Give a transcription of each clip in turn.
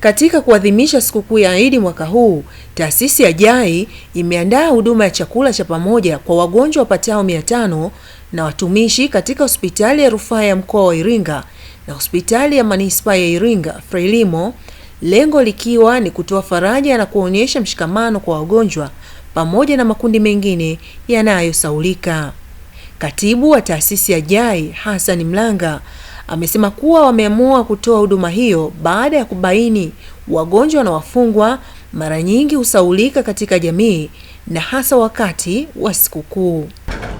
Katika kuadhimisha sikukuu ya Idi mwaka huu, taasisi ya JAI imeandaa huduma ya chakula cha pamoja kwa wagonjwa wapatao 500 na watumishi katika hospitali ya rufaa ya mkoa wa Iringa na hospitali ya manispaa ya Iringa Frelimo, lengo likiwa ni kutoa faraja na kuonyesha mshikamano kwa wagonjwa pamoja na makundi mengine yanayosaulika. Katibu wa taasisi ya JAI Hassan Mlanga amesema kuwa wameamua kutoa huduma hiyo baada ya kubaini wagonjwa na wafungwa mara nyingi husaulika katika jamii na hasa wakati wa sikukuu.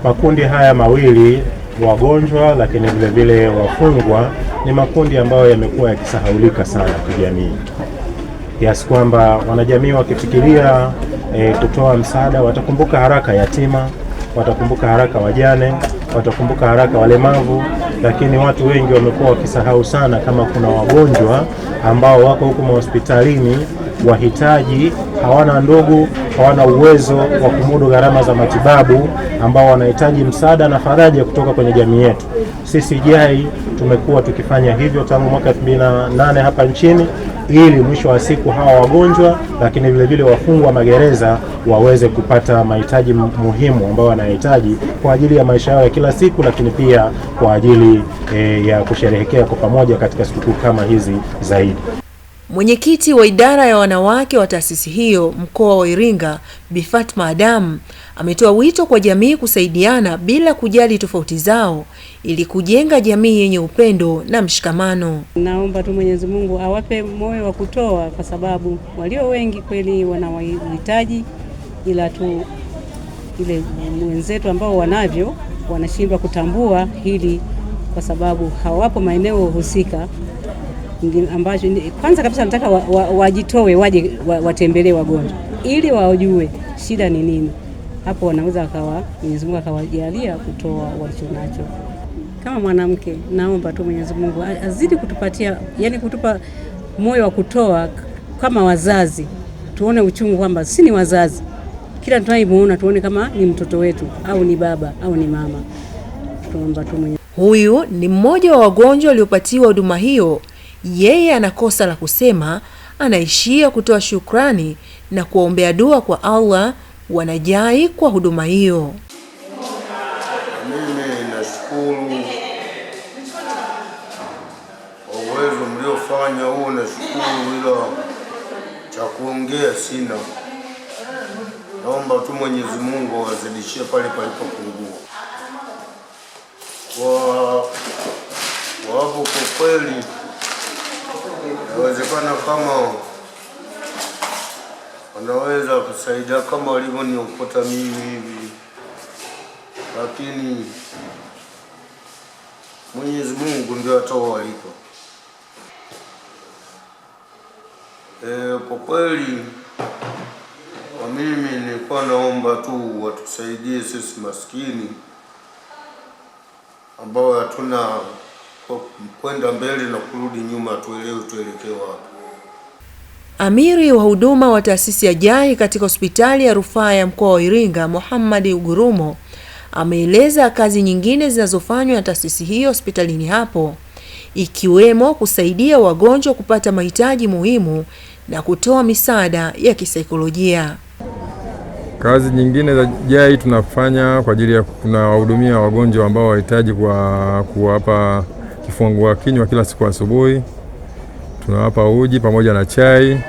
Makundi haya mawili wagonjwa, lakini vilevile wafungwa ni makundi ambayo yamekuwa yakisahaulika sana kijamii, kiasi kwamba wanajamii wakifikiria e, kutoa msaada watakumbuka haraka yatima, watakumbuka haraka wajane watakumbuka haraka walemavu, lakini watu wengi wamekuwa wakisahau sana kama kuna wagonjwa ambao wako huko mahospitalini wahitaji, hawana ndugu, hawana uwezo wa kumudu gharama za matibabu, ambao wanahitaji msaada na faraja kutoka kwenye jamii yetu. Sisi JAI tumekuwa tukifanya hivyo tangu mwaka 2008 hapa nchini ili mwisho wa siku hawa wagonjwa lakini vilevile wafungwa magereza waweze kupata mahitaji muhimu ambayo wanahitaji kwa ajili ya maisha yao ya kila siku, lakini pia kwa ajili e, ya kusherehekea kwa pamoja katika sikukuu kama hizi zaidi. Mwenyekiti wa idara ya wanawake wa taasisi hiyo mkoa wa Iringa, Bi Fatma Adam ametoa wito kwa jamii kusaidiana bila kujali tofauti zao ili kujenga jamii yenye upendo na mshikamano. Naomba tu Mwenyezi Mungu awape moyo wa kutoa, kwa sababu walio wengi kweli wanawahitaji, ila tu ile wenzetu ambao wanavyo wanashindwa kutambua hili, kwa sababu hawapo maeneo husika ambacho kwanza kabisa nataka wajitoe wa, wa waje watembelee wa wagonjwa ili wajue shida ni nini. Hapo wanaweza akawa Mwenyezi Mungu akawajalia kutoa walicho nacho Kama mwanamke, naomba tu Mwenyezi Mungu azidi kutupatia, yani kutupa moyo wa kutoa. Kama wazazi, tuone uchungu kwamba si ni wazazi, kila tunayemuona tuone kama ni mtoto wetu au ni baba au ni mama. Tuomba tu Mwenyezi. Huyu ni mmoja wa wagonjwa waliopatiwa huduma hiyo yeye ana kosa la kusema, anaishia kutoa shukrani na kuwaombea dua kwa Allah wanajai kwa huduma hiyo. Mimi nashukuru kwa uwezo mliofanya na nashukuru, ila cha kuongea sina. Naomba tu Mwenyezi Mungu awazidishie pale palipopungua. Kwa wapo kwa kweli Ikiwezekana kama wanaweza kusaidia kama walivyoniokota mimi hivi, lakini Mwenyezi Mungu ndio atoa waliko. E, kwa kweli kwa mimi nilikuwa naomba tu watusaidie sisi maskini ambao hatuna kwenda mbele na kurudi nyuma, tuelewe tuelekee wapi. Amiri wa huduma wa taasisi ya JAI katika hospitali ya rufaa ya mkoa wa Iringa, Muhammad Ugurumo, ameeleza kazi nyingine zinazofanywa na taasisi hiyo hospitalini hapo ikiwemo kusaidia wagonjwa kupata mahitaji muhimu na kutoa misaada ya kisaikolojia. Kazi nyingine za JAI tunafanya kwa ajili ya tunawahudumia wagonjwa ambao wahitaji kwa kuwapa kifungua kinywa kila siku asubuhi, tunawapa uji pamoja na chai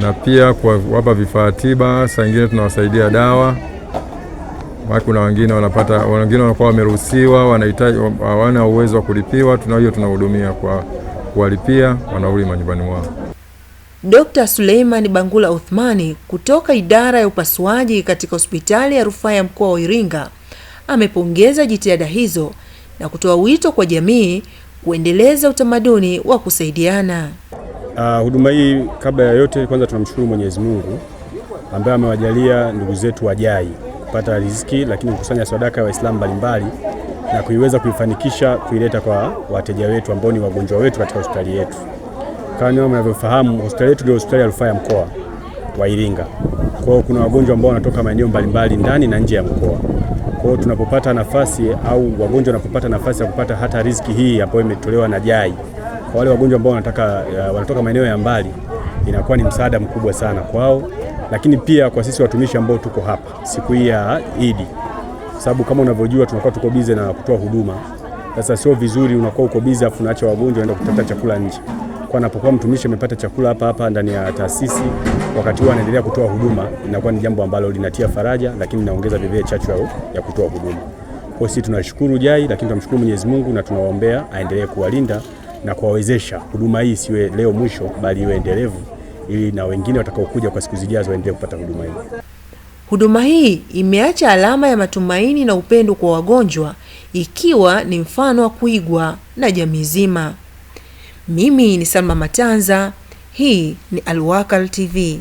na pia kuwapa vifaa tiba. Saa nyingine tunawasaidia dawa, maana kuna wengine wanapata, wengine wanakuwa wameruhusiwa, wanahitaji, hawana uwezo wa kulipiwa, tuna hiyo tunahudumia kwa kuwalipia, wanauli manyumbani mwao. Dr. Suleiman Bangula Uthmani kutoka idara ya upasuaji katika hospitali ya rufaa ya mkoa wa Iringa amepongeza jitihada hizo na kutoa wito kwa jamii kuendeleza utamaduni wa kusaidiana. Uh, huduma hii kabla ya yote, kwanza tunamshukuru Mwenyezi Mungu ambaye amewajalia ndugu zetu wajai kupata riziki, lakini kukusanya sadaka ya Waislamu mbalimbali na kuiweza kuifanikisha kuileta kwa wateja wetu ambao ni wagonjwa wetu katika hospitali yetu. Kama mnavyofahamu, hospitali yetu ndio hospitali ya rufaa ya mkoa wa Iringa. Kwa hiyo kuna wagonjwa ambao wanatoka maeneo mbalimbali ndani na nje ya mkoa. Kwa hiyo tunapopata nafasi au wagonjwa wanapopata nafasi ya kupata hata riziki hii ambayo imetolewa na JAI kwa wale wagonjwa ambao wanataka uh, wanatoka maeneo ya mbali, inakuwa ni msaada mkubwa sana kwao, lakini pia kwa sisi watumishi ambao tuko hapa siku hii ya Idi, kwa sababu kama unavyojua tunakuwa tuko bize na kutoa huduma. Sasa sio vizuri unakuwa uko bize afu unaacha wagonjwa waenda kutafuta chakula nje kwa anapokuwa mtumishi amepata chakula hapa hapa ndani ya taasisi, wakati huo anaendelea kutoa huduma, inakuwa ni jambo ambalo linatia faraja, lakini naongeza vivyo chachu ya kutoa huduma. Kwa sisi tunashukuru JAI, lakini tunamshukuru Mwenyezi Mungu na tunawaombea aendelee kuwalinda na kuwawezesha huduma hii isiwe leo mwisho, bali iwe endelevu, ili na wengine watakaokuja kwa siku zijazo waendelee kupata huduma hii. Huduma hii imeacha alama ya matumaini na upendo kwa wagonjwa, ikiwa ni mfano wa kuigwa na jamii nzima. Mimi ni Salma Matanza, hii ni Alwakal TV.